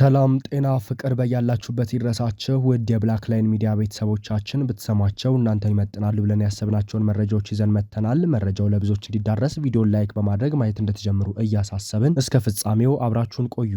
ሰላም ጤና ፍቅር በያላችሁበት ይድረሳችሁ ውድ የብላክ ላይን ሚዲያ ቤተሰቦቻችን ብትሰማቸው እናንተን ይመጥናሉ ብለን ያሰብናቸውን መረጃዎች ይዘን መጥተናል። መረጃው ለብዙዎች እንዲዳረስ ቪዲዮን ላይክ በማድረግ ማየት እንደተጀምሩ እያሳሰብን እስከ ፍጻሜው አብራችሁን ቆዩ።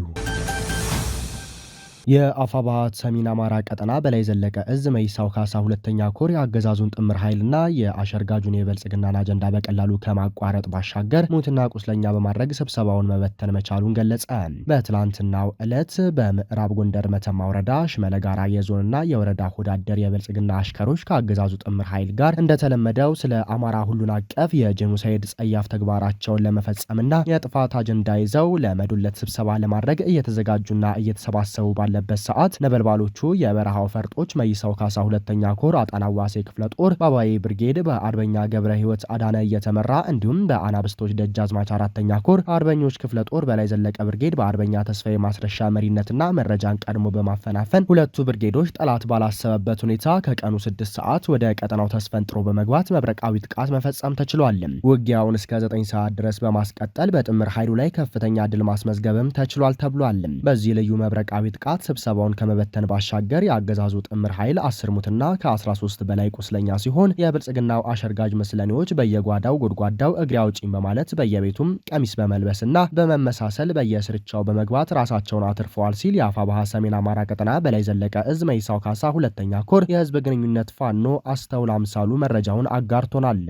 የአፋባ ሰሜን አማራ ቀጠና በላይ ዘለቀ እዝ መይሳው ካሳ ሁለተኛ ኮር የአገዛዙን ጥምር ኃይልና የአሸርጋጁን የብልጽግናን አጀንዳ በቀላሉ ከማቋረጥ ባሻገር ሙትና ቁስለኛ በማድረግ ስብሰባውን መበተን መቻሉን ገለጸ። በትላንትናው ዕለት በምዕራብ ጎንደር መተማ ወረዳ ሽመለ ጋራ የዞንና የወረዳ ሆዳደር የብልጽግና አሽከሮች ከአገዛዙ ጥምር ኃይል ጋር እንደተለመደው ስለ አማራ ሁሉን አቀፍ የጄኖሳይድ ጸያፍ ተግባራቸውን ለመፈጸምና የጥፋት አጀንዳ ይዘው ለመዶለት ስብሰባ ለማድረግ እየተዘጋጁና እየተሰባሰቡ ባለ ባለበት ሰዓት ነበልባሎቹ የበረሃው ፈርጦች መይሰው ካሳ ሁለተኛ ኮር አጣናዋሴ ክፍለ ጦር በአባዬ ብርጌድ በአርበኛ ገብረ ህይወት አዳነ እየተመራ እንዲሁም በአናብስቶች ደጃዝማች አራተኛ ኮር አርበኞች ክፍለ ጦር በላይ ዘለቀ ብርጌድ በአርበኛ ተስፋዬ ማስረሻ መሪነትና መረጃን ቀድሞ በማፈናፈን ሁለቱ ብርጌዶች ጠላት ባላሰበበት ሁኔታ ከቀኑ ስድስት ሰዓት ወደ ቀጠናው ተስፈንጥሮ በመግባት መብረቃዊ ጥቃት መፈጸም ተችሏል። ውጊያውን እስከ ዘጠኝ ሰዓት ድረስ በማስቀጠል በጥምር ኃይሉ ላይ ከፍተኛ ድል ማስመዝገብም ተችሏል ተብሏል። በዚህ ልዩ መብረቃዊ ጥቃት አባላት ስብሰባውን ከመበተን ባሻገር የአገዛዙ ጥምር ኃይል አስር ሙትና ከ13 በላይ ቁስለኛ ሲሆን የብልጽግናው አሸርጋጅ መስለኔዎች በየጓዳው ጎድጓዳው እግሬ አውጪኝ በማለት በየቤቱም ቀሚስ በመልበስና በመመሳሰል በየስርቻው በመግባት ራሳቸውን አትርፈዋል ሲል የአፋ የአፋባሃ ሰሜን አማራ ቀጠና በላይ ዘለቀ እዝ መይሳው ካሳ ሁለተኛ ኮር የህዝብ ግንኙነት ፋኖ አስተውል አምሳሉ መረጃውን አጋርቶናል።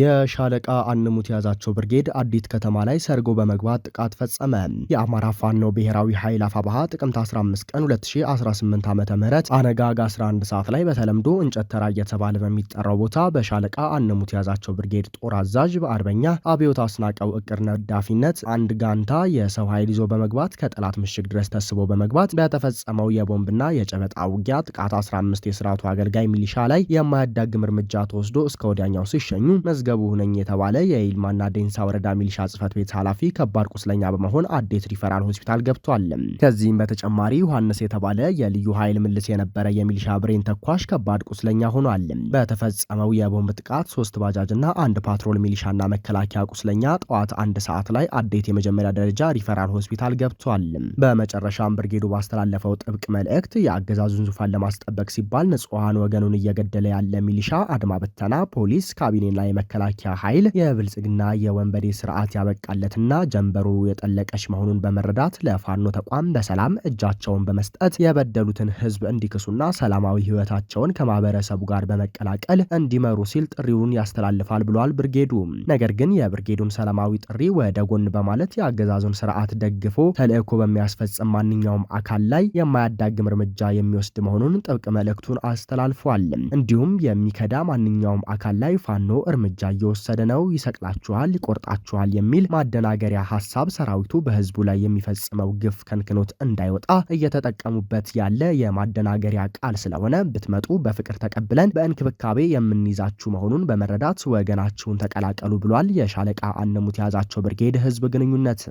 የሻለቃ አንሙት የያዛቸው ብርጌድ አዲት ከተማ ላይ ሰርጎ በመግባት ጥቃት ፈጸመ። የአማራ ፋኖ ብሔራዊ ኃይል አፋባሃ ጥቅምት 15 ቀን 2018 ዓ ም አነጋግ 11 ሰዓት ላይ በተለምዶ እንጨት ተራ እየተባለ በሚጠራው ቦታ በሻለቃ አንሙት የያዛቸው ብርጌድ ጦር አዛዥ በአርበኛ አብዮት አስናቀው እቅድ ነዳፊነት አንድ ጋንታ የሰው ኃይል ይዞ በመግባት ከጠላት ምሽግ ድረስ ተስቦ በመግባት በተፈጸመው የቦምብና የጨበጣ ውጊያ ጥቃት 15 የስርዓቱ አገልጋይ ሚሊሻ ላይ የማያዳግም እርምጃ ተወስዶ እስከ ወዲያኛው ሲሸኙ መዝገቡ ሁነኝ የተባለ የይልማና ዴንሳ ወረዳ ሚሊሻ ጽህፈት ቤት ኃላፊ ከባድ ቁስለኛ በመሆን አዴት ሪፈራል ሆስፒታል ገብቷል። ከዚህም በተጨማሪ ዮሐንስ የተባለ የልዩ ኃይል ምልስ የነበረ የሚሊሻ ብሬን ተኳሽ ከባድ ቁስለኛ ሆኗል። በተፈጸመው የቦምብ ጥቃት ሶስት ባጃጅና አንድ ፓትሮል ሚሊሻና መከላከያ ቁስለኛ ጠዋት አንድ ሰዓት ላይ አዴት የመጀመሪያ ደረጃ ሪፈራል ሆስፒታል ገብቷል። በመጨረሻም ብርጌዱ ባስተላለፈው ጥብቅ መልእክት የአገዛዙን ዙፋን ለማስጠበቅ ሲባል ንጹሐን ወገኑን እየገደለ ያለ ሚሊሻ፣ አድማ በተና፣ ፖሊስ፣ ካቢኔና የመ መከላከያ ኃይል የብልጽግና የወንበዴ ስርዓት ያበቃለትና ጀንበሩ የጠለቀች መሆኑን በመረዳት ለፋኖ ተቋም በሰላም እጃቸውን በመስጠት የበደሉትን ህዝብ እንዲክሱና ሰላማዊ ህይወታቸውን ከማህበረሰቡ ጋር በመቀላቀል እንዲመሩ ሲል ጥሪውን ያስተላልፋል ብሏል ብርጌዱ። ነገር ግን የብርጌዱን ሰላማዊ ጥሪ ወደ ጎን በማለት የአገዛዙን ስርዓት ደግፎ ተልእኮ በሚያስፈጽም ማንኛውም አካል ላይ የማያዳግም እርምጃ የሚወስድ መሆኑን ጥብቅ መልእክቱን አስተላልፏል። እንዲሁም የሚከዳ ማንኛውም አካል ላይ ፋኖ እርምጃ እርምጃ እየወሰደ ነው፣ ይሰቅላችኋል፣ ይቆርጣችኋል የሚል ማደናገሪያ ሀሳብ ሰራዊቱ በህዝቡ ላይ የሚፈጽመው ግፍ ከንክኖት እንዳይወጣ እየተጠቀሙበት ያለ የማደናገሪያ ቃል ስለሆነ ብትመጡ በፍቅር ተቀብለን በእንክብካቤ የምንይዛችሁ መሆኑን በመረዳት ወገናችሁን ተቀላቀሉ ብሏል የሻለቃ አነሙት ያዛቸው ብርጌድ ህዝብ ግንኙነት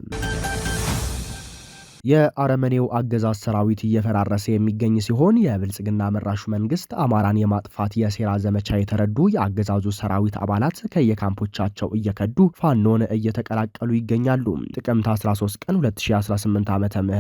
የአረመኔው አገዛዝ ሰራዊት እየፈራረሰ የሚገኝ ሲሆን የብልጽግና መራሹ መንግስት አማራን የማጥፋት የሴራ ዘመቻ የተረዱ የአገዛዙ ሰራዊት አባላት ከየካምፖቻቸው እየከዱ ፋኖን እየተቀላቀሉ ይገኛሉ። ጥቅምት 13 ቀን 2018 ዓ ም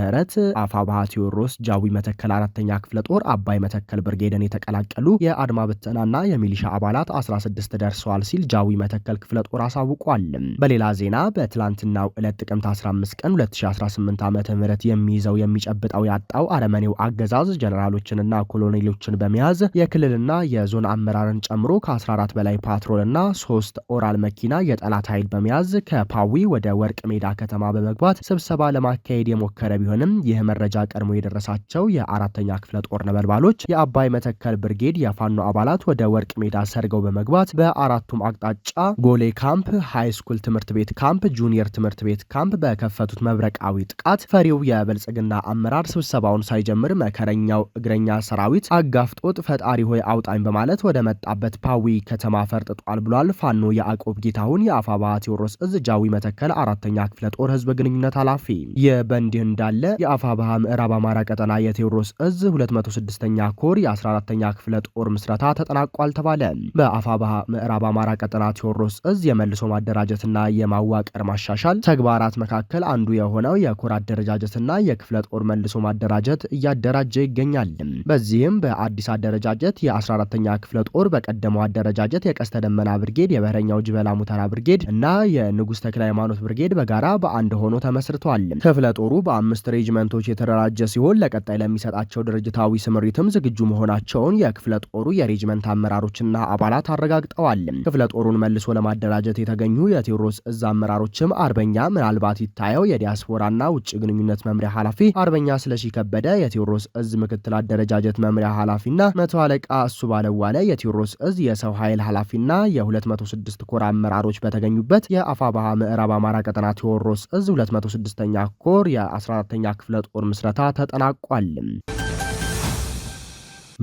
አፋባሃ ቴዎድሮስ ጃዊ መተከል አራተኛ ክፍለ ጦር አባይ መተከል ብርጌደን የተቀላቀሉ የአድማ ብተናና የሚሊሻ አባላት 16 ደርሰዋል ሲል ጃዊ መተከል ክፍለ ጦር አሳውቋል። በሌላ ዜና በትላንትናው ዕለት ጥቅምት 15 ቀን 2018 ዓ ም ምህረት የሚይዘው የሚጨብጠው ያጣው አረመኔው አገዛዝ ጀነራሎችንና ኮሎኔሎችን በመያዝ የክልልና የዞን አመራርን ጨምሮ ከ14 በላይ ፓትሮልና ሶስት ኦራል መኪና የጠላት ኃይል በመያዝ ከፓዊ ወደ ወርቅ ሜዳ ከተማ በመግባት ስብሰባ ለማካሄድ የሞከረ ቢሆንም ይህ መረጃ ቀድሞ የደረሳቸው የአራተኛ ክፍለ ጦር ነበልባሎች የአባይ መተከል ብርጌድ የፋኖ አባላት ወደ ወርቅ ሜዳ ሰርገው በመግባት በአራቱም አቅጣጫ ጎሌ ካምፕ፣ ሃይስኩል ትምህርት ቤት ካምፕ፣ ጁኒየር ትምህርት ቤት ካምፕ በከፈቱት መብረቃዊ ጥቃት ፈሪው የፓርቲው የብልጽግና አመራር ስብሰባውን ሳይጀምር መከረኛው እግረኛ ሰራዊት አጋፍጦት ፈጣሪ ሆይ አውጣኝ በማለት ወደ መጣበት ፓዊ ከተማ ፈርጥጧል ብሏል። ፋኖ የአቆብ ጌታሁን የአፋባ ቴዎድሮስ እዝ ጃዊ መተከል አራተኛ ክፍለ ጦር ህዝብ ግንኙነት ኃላፊ። የበንዲህ እንዳለ የአፋባ ምዕራብ አማራ ቀጠና የቴዎድሮስ እዝ 26 ኛ ኮር የ14ኛ ክፍለ ጦር ምስረታ ተጠናቋል ተባለ። በአፋባ ምዕራብ አማራ ቀጠና ቴዎድሮስ እዝ የመልሶ ማደራጀትና የማዋቀር ማሻሻል ተግባራት መካከል አንዱ የሆነው የኮር አደረጃጀት ማደስና የክፍለ ጦር መልሶ ማደራጀት እያደራጀ ይገኛል። በዚህም በአዲስ አደረጃጀት የ14ተኛ ክፍለ ጦር በቀደመው አደረጃጀት የቀስተ ደመና ብርጌድ፣ የበረኛው ጅበላ ሙተራ ብርጌድ እና የንጉሥ ተክለ ሃይማኖት ብርጌድ በጋራ በአንድ ሆኖ ተመስርቷል። ክፍለ ጦሩ በአምስት ሬጅመንቶች የተደራጀ ሲሆን ለቀጣይ ለሚሰጣቸው ድርጅታዊ ስምሪትም ዝግጁ መሆናቸውን የክፍለ ጦሩ የሬጅመንት አመራሮችና አባላት አረጋግጠዋል። ክፍለ ጦሩን መልሶ ለማደራጀት የተገኙ የቴዎድሮስ እዝ አመራሮችም አርበኛ ምናልባት ይታየው የዲያስፖራና ውጭ ግንኙነት አደረጃጀት መምሪያ ኃላፊ አርበኛ ስለሺ ከበደ፣ የቴዎድሮስ እዝ ምክትል አደረጃጀት መምሪያ ኃላፊና መቶ አለቃ እሱ ባለዋለ የቴዎድሮስ እዝ የሰው ኃይል ኃላፊና የ206 ኮር አመራሮች በተገኙበት የአፋባሃ ምዕራብ አማራ ቀጠና ቴዎድሮስ እዝ 206ኛ ኮር የ14ኛ ክፍለ ጦር ምስረታ ተጠናቋል።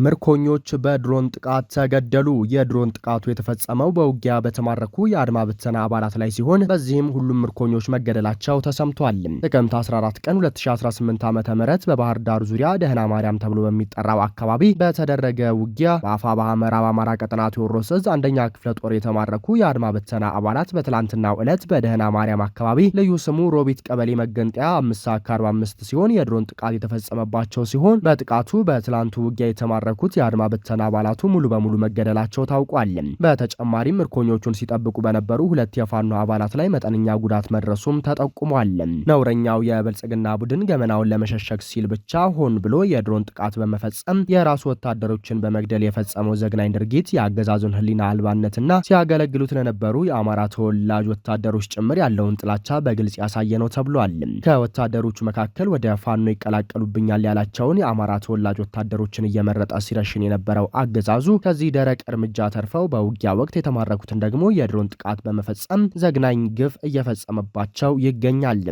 ምርኮኞች በድሮን ጥቃት ተገደሉ። የድሮን ጥቃቱ የተፈጸመው በውጊያ በተማረኩ የአድማ ብተና አባላት ላይ ሲሆን በዚህም ሁሉም ምርኮኞች መገደላቸው ተሰምቷል። ጥቅምት 14 ቀን 2018 ዓ ም በባህር ዳር ዙሪያ ደህና ማርያም ተብሎ በሚጠራው አካባቢ በተደረገ ውጊያ ባህ ምዕራብ አማራ ቀጠና ቴዎድሮስ እዝ አንደኛ ክፍለ ጦር የተማረኩ የአድማ ብተና አባላት በትላንትናው ዕለት በደህና ማርያም አካባቢ ልዩ ስሙ ሮቢት ቀበሌ መገንጠያ አምስት ከ45 ሲሆን የድሮን ጥቃት የተፈጸመባቸው ሲሆን በጥቃቱ በትላንቱ ውጊያ የተማረ የተማረኩት የአድማ ብተና አባላቱ ሙሉ በሙሉ መገደላቸው ታውቋል። በተጨማሪም ምርኮኞቹን ሲጠብቁ በነበሩ ሁለት የፋኖ አባላት ላይ መጠነኛ ጉዳት መድረሱም ተጠቁሟል። ነውረኛው የብልጽግና ቡድን ገመናውን ለመሸሸግ ሲል ብቻ ሆን ብሎ የድሮን ጥቃት በመፈጸም የራሱ ወታደሮችን በመግደል የፈጸመው ዘግናኝ ድርጊት የአገዛዙን ህሊና አልባነትና ሲያገለግሉት ለነበሩ የአማራ ተወላጅ ወታደሮች ጭምር ያለውን ጥላቻ በግልጽ ያሳየ ነው ተብሏል። ከወታደሮቹ መካከል ወደ ፋኖ ይቀላቀሉብኛል ያላቸውን የአማራ ተወላጅ ወታደሮችን እየመረጠ ሲረሽን የነበረው አገዛዙ ከዚህ ደረቅ እርምጃ ተርፈው በውጊያ ወቅት የተማረኩትን ደግሞ የድሮን ጥቃት በመፈጸም ዘግናኝ ግፍ እየፈጸመባቸው ይገኛል።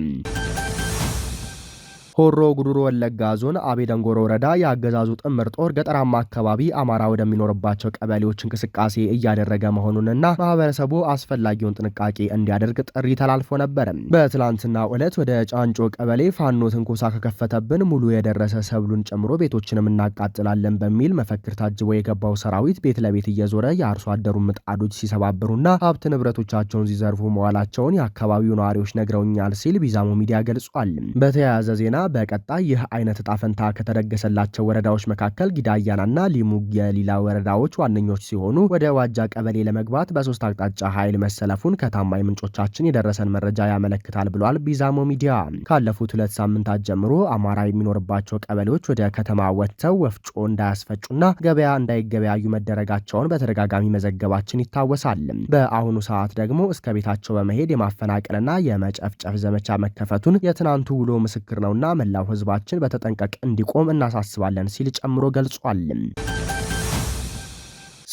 ሆሮ ጉዱሩ ወለጋ ዞን አቤ ደንጎሮ ወረዳ የአገዛዙ ጥምር ጦር ገጠራማ አካባቢ አማራ ወደሚኖርባቸው ቀበሌዎች እንቅስቃሴ እያደረገ መሆኑንና ማህበረሰቡ አስፈላጊውን ጥንቃቄ እንዲያደርግ ጥሪ ተላልፎ ነበር። በትላንትና ዕለት ወደ ጫንጮ ቀበሌ ፋኖ ትንኮሳ ከከፈተብን ሙሉ የደረሰ ሰብሉን ጨምሮ ቤቶችንም እናቃጥላለን በሚል መፈክር ታጅቦ የገባው ሰራዊት ቤት ለቤት እየዞረ የአርሶ አደሩን ምጣዶች ሲሰባብሩና ሀብት ንብረቶቻቸውን ሲዘርፉ መዋላቸውን የአካባቢው ነዋሪዎች ነግረውኛል ሲል ቢዛሞ ሚዲያ ገልጿል። በተያያዘ ዜና በቀጣይ ይህ አይነት እጣ ፈንታ ከተደገሰላቸው ወረዳዎች መካከል ጊዳያናና ሊሙ የሊላ ወረዳዎች ዋነኞች ሲሆኑ ወደ ዋጃ ቀበሌ ለመግባት በሶስት አቅጣጫ ኃይል መሰለፉን ከታማኝ ምንጮቻችን የደረሰን መረጃ ያመለክታል ብሏል ቢዛሞ ሚዲያ። ካለፉት ሁለት ሳምንታት ጀምሮ አማራ የሚኖርባቸው ቀበሌዎች ወደ ከተማ ወጥተው ወፍጮ እንዳያስፈጩና ገበያ እንዳይገበያዩ መደረጋቸውን በተደጋጋሚ መዘገባችን ይታወሳል። በአሁኑ ሰዓት ደግሞ እስከ ቤታቸው በመሄድ የማፈናቀልና የመጨፍጨፍ ዘመቻ መከፈቱን የትናንቱ ውሎ ምስክር ነውና መላው ህዝባችን በተጠንቀቅ እንዲቆም እናሳስባለን ሲል ጨምሮ ገልጿል።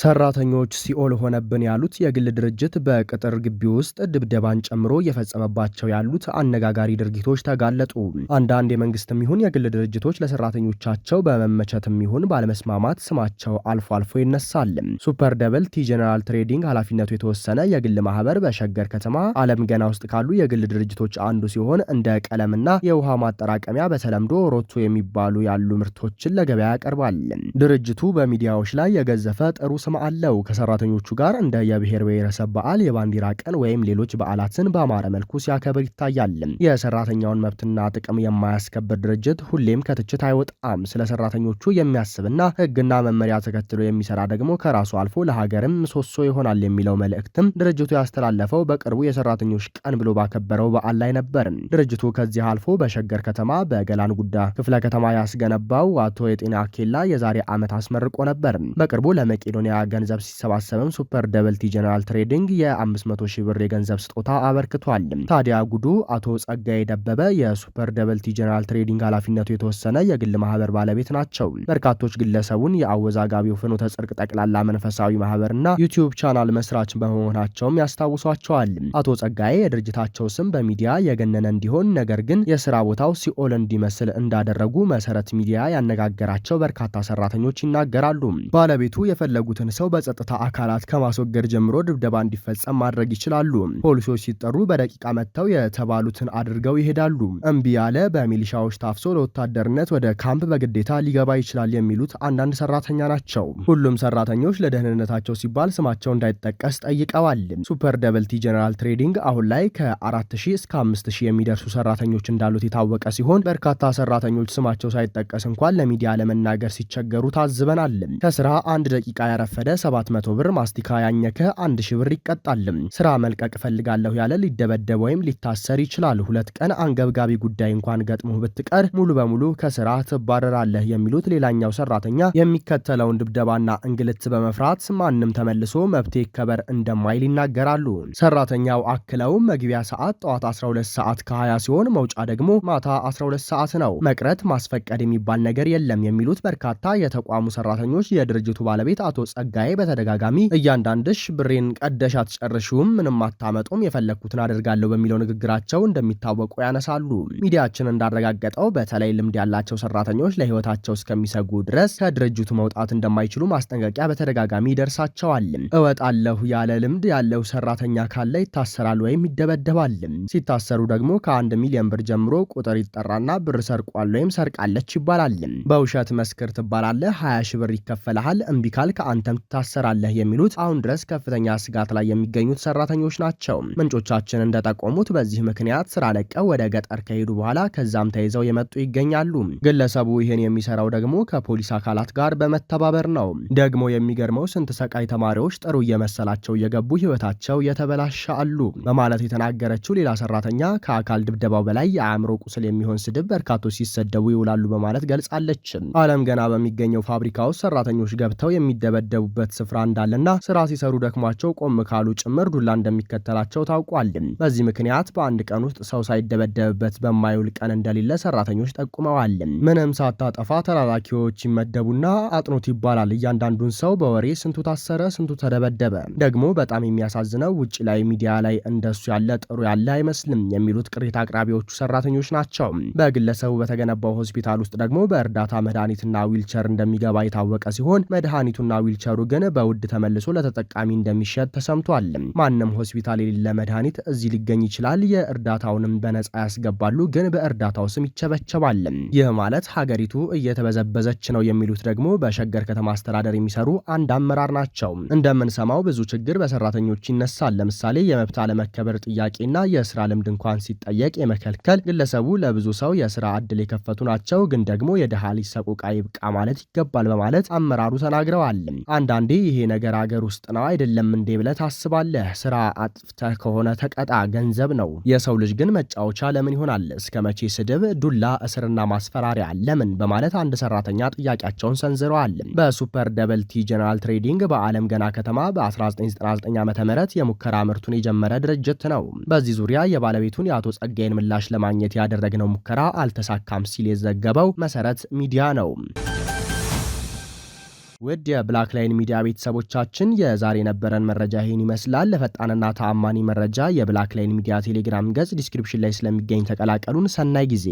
ሰራተኞች ሲኦል ሆነብን ያሉት የግል ድርጅት በቅጥር ግቢ ውስጥ ድብደባን ጨምሮ እየፈጸመባቸው ያሉት አነጋጋሪ ድርጊቶች ተጋለጡ። አንዳንድ የመንግስትም ይሁን የግል ድርጅቶች ለሰራተኞቻቸው በመመቸትም ይሁን ባለመስማማት ስማቸው አልፎ አልፎ ይነሳል። ሱፐር ደብል ቲ ጀነራል ትሬዲንግ ኃላፊነቱ የተወሰነ የግል ማህበር በሸገር ከተማ አለም ገና ውስጥ ካሉ የግል ድርጅቶች አንዱ ሲሆን እንደ ቀለምና የውሃ ማጠራቀሚያ በተለምዶ ሮቶ የሚባሉ ያሉ ምርቶችን ለገበያ ያቀርባል። ድርጅቱ በሚዲያዎች ላይ የገዘፈ ጥሩ ስም አለው። ከሰራተኞቹ ጋር እንደ የብሔር ብሔረሰብ በዓል፣ የባንዲራ ቀን ወይም ሌሎች በዓላትን በአማረ መልኩ ሲያከብር ይታያል። የሰራተኛውን መብትና ጥቅም የማያስከብር ድርጅት ሁሌም ከትችት አይወጣም። ስለ ሰራተኞቹ የሚያስብና ሕግና መመሪያ ተከትሎ የሚሰራ ደግሞ ከራሱ አልፎ ለሀገርም ምሰሶ ይሆናል የሚለው መልእክትም ድርጅቱ ያስተላለፈው በቅርቡ የሰራተኞች ቀን ብሎ ባከበረው በዓል ላይ ነበር። ድርጅቱ ከዚህ አልፎ በሸገር ከተማ በገላን ጉዳ ክፍለ ከተማ ያስገነባው አቶ የጤና ኬላ የዛሬ ዓመት አስመርቆ ነበር። በቅርቡ ለመቄዶንያ ገንዘብ ሲሰባሰብም ሱፐር ደበልቲ ጀነራል ትሬዲንግ የ500 ሺህ ብር የገንዘብ ስጦታ አበርክቷል። ታዲያ ጉዱ አቶ ጸጋዬ ደበበ የሱፐር ደበልቲ ጀነራል ትሬዲንግ ኃላፊነቱ የተወሰነ የግል ማህበር ባለቤት ናቸው። በርካቶች ግለሰቡን የአወዛጋቢው ፍኖተ ጽድቅ ጠቅላላ መንፈሳዊ ማህበርና ዩቲዩብ ቻናል መስራች በመሆናቸውም ያስታውሷቸዋል። አቶ ጸጋዬ የድርጅታቸው ስም በሚዲያ የገነነ እንዲሆን ነገር ግን የስራ ቦታው ሲኦል እንዲመስል እንዳደረጉ መሰረት ሚዲያ ያነጋገራቸው በርካታ ሰራተኞች ይናገራሉ። ባለቤቱ የፈለጉትን ሰው በጸጥታ አካላት ከማስወገድ ጀምሮ ድብደባ እንዲፈጸም ማድረግ ይችላሉ። ፖሊሶች ሲጠሩ በደቂቃ መጥተው የተባሉትን አድርገው ይሄዳሉ። እምቢ ያለ በሚሊሻዎች ታፍሶ ለወታደርነት ወደ ካምፕ በግዴታ ሊገባ ይችላል የሚሉት አንዳንድ ሰራተኛ ናቸው። ሁሉም ሰራተኞች ለደህንነታቸው ሲባል ስማቸው እንዳይጠቀስ ጠይቀዋል። ሱፐር ደብልቲ ጀነራል ትሬዲንግ አሁን ላይ ከ4000 እስከ 5000 የሚደርሱ ሰራተኞች እንዳሉት የታወቀ ሲሆን በርካታ ሰራተኞች ስማቸው ሳይጠቀስ እንኳን ለሚዲያ ለመናገር ሲቸገሩ ታዝበናል። ከስራ አንድ ደቂቃ ያረፈ ከረፈደ 700 ብር፣ ማስቲካ ያኘከ 1000 ብር ይቀጣል። ስራ መልቀቅ እፈልጋለሁ ያለ ሊደበደብ ወይም ሊታሰር ይችላል። ሁለት ቀን አንገብጋቢ ጉዳይ እንኳን ገጥሞህ ብትቀር ሙሉ በሙሉ ከስራ ትባረራለህ የሚሉት ሌላኛው ሰራተኛ የሚከተለውን ድብደባና እንግልት በመፍራት ማንም ተመልሶ መብቴ ከበር እንደማይል ይናገራሉ። ሰራተኛው አክለው መግቢያ ሰዓት ጠዋት 12 ሰዓት ከ20 ሲሆን መውጫ ደግሞ ማታ 12 ሰዓት ነው። መቅረት ማስፈቀድ የሚባል ነገር የለም የሚሉት በርካታ የተቋሙ ሰራተኞች የድርጅቱ ባለቤት አቶ ጸጋ ጸጋዬ በተደጋጋሚ እያንዳንድሽ ብሬን ቀደሽ አትጨርሺውም፣ ምንም አታመጡም፣ የፈለግኩትን አደርጋለሁ በሚለው ንግግራቸው እንደሚታወቁ ያነሳሉ። ሚዲያችን እንዳረጋገጠው በተለይ ልምድ ያላቸው ሰራተኞች ለህይወታቸው እስከሚሰጉ ድረስ ከድርጅቱ መውጣት እንደማይችሉ ማስጠንቀቂያ በተደጋጋሚ ይደርሳቸዋል። እወጣለሁ ያለ ልምድ ያለው ሰራተኛ ካለ ይታሰራል ወይም ይደበደባል። ሲታሰሩ ደግሞ ከአንድ ሚሊዮን ብር ጀምሮ ቁጥር ይጠራና ብር ሰርቋል ወይም ሰርቃለች ይባላል። በውሸት መስክር ትባላለህ፣ 20 ሺ ብር ይከፈልሃል፣ እምቢ ካልክ አንተም ታሰራለህ የሚሉት አሁን ድረስ ከፍተኛ ስጋት ላይ የሚገኙት ሰራተኞች ናቸው። ምንጮቻችን እንደጠቆሙት በዚህ ምክንያት ስራ ለቀው ወደ ገጠር ከሄዱ በኋላ ከዛም ተይዘው የመጡ ይገኛሉ። ግለሰቡ ይህን የሚሰራው ደግሞ ከፖሊስ አካላት ጋር በመተባበር ነው። ደግሞ የሚገርመው ስንት ሰቃይ ተማሪዎች ጥሩ እየመሰላቸው እየገቡ ህይወታቸው የተበላሸ አሉ በማለት የተናገረችው ሌላ ሰራተኛ ከአካል ድብደባው በላይ የአእምሮ ቁስል የሚሆን ስድብ በርካቶች ሲሰደቡ ይውላሉ በማለት ገልጻለች። አለም ገና በሚገኘው ፋብሪካ ውስጥ ሰራተኞች ገብተው የሚደበደቡ የሚመገቡበት ስፍራ እንዳለና ስራ ሲሰሩ ደክሟቸው ቆም ካሉ ጭምር ዱላ እንደሚከተላቸው ታውቋል። በዚህ ምክንያት በአንድ ቀን ውስጥ ሰው ሳይደበደብበት በማይውል ቀን እንደሌለ ሰራተኞች ጠቁመዋል። ምንም ሳታጠፋ ተላላኪዎች ይመደቡና አጥኖት ይባላል። እያንዳንዱን ሰው በወሬ ስንቱ ታሰረ፣ ስንቱ ተደበደበ። ደግሞ በጣም የሚያሳዝነው ውጭ ላይ ሚዲያ ላይ እንደሱ ያለ ጥሩ ያለ አይመስልም የሚሉት ቅሬታ አቅራቢዎቹ ሰራተኞች ናቸው። በግለሰቡ በተገነባው ሆስፒታል ውስጥ ደግሞ በእርዳታ መድኃኒትና ዊልቸር እንደሚገባ የታወቀ ሲሆን መድኃኒቱና ዊልቸር ዶክተሩ ግን በውድ ተመልሶ ለተጠቃሚ እንደሚሸጥ ተሰምቷል። ማንም ሆስፒታል የሌለ መድኃኒት እዚህ ሊገኝ ይችላል። የእርዳታውንም በነጻ ያስገባሉ፣ ግን በእርዳታው ስም ይቸበቸባል። ይህ ማለት ሀገሪቱ እየተበዘበዘች ነው የሚሉት ደግሞ በሸገር ከተማ አስተዳደር የሚሰሩ አንድ አመራር ናቸው። እንደምንሰማው ብዙ ችግር በሰራተኞች ይነሳል። ለምሳሌ የመብት አለመከበር ጥያቄና የስራ ልምድ እንኳን ሲጠየቅ የመከልከል ግለሰቡ ለብዙ ሰው የስራ እድል የከፈቱ ናቸው። ግን ደግሞ የደሃ ልጅ ሰቆቃ ይብቃ ማለት ይገባል በማለት አመራሩ ተናግረዋል። አንዳንዴ ይሄ ነገር አገር ውስጥ ነው አይደለም እንዴ ብለህ ታስባለህ። ስራ አጥፍተህ ከሆነ ተቀጣ፣ ገንዘብ ነው። የሰው ልጅ ግን መጫወቻ ለምን ይሆናል? እስከ መቼ ስድብ፣ ዱላ፣ እስርና ማስፈራሪያ ለምን? በማለት አንድ ሰራተኛ ጥያቄያቸውን ሰንዝረዋል። በሱፐር ደብል ቲ ጀነራል ትሬዲንግ በአለም ገና ከተማ በ1999 ዓ ም የሙከራ ምርቱን የጀመረ ድርጅት ነው። በዚህ ዙሪያ የባለቤቱን የአቶ ጸጋዬን ምላሽ ለማግኘት ያደረግነው ሙከራ አልተሳካም ሲል የዘገበው መሰረት ሚዲያ ነው። ውድ የብላክ ላይን ሚዲያ ቤተሰቦቻችን የዛሬ የነበረን መረጃ ይህን ይመስላል። ለፈጣንና ተአማኒ መረጃ የብላክ ላይን ሚዲያ ቴሌግራም ገጽ ዲስክሪፕሽን ላይ ስለሚገኝ ተቀላቀሉን። ሰናይ ጊዜ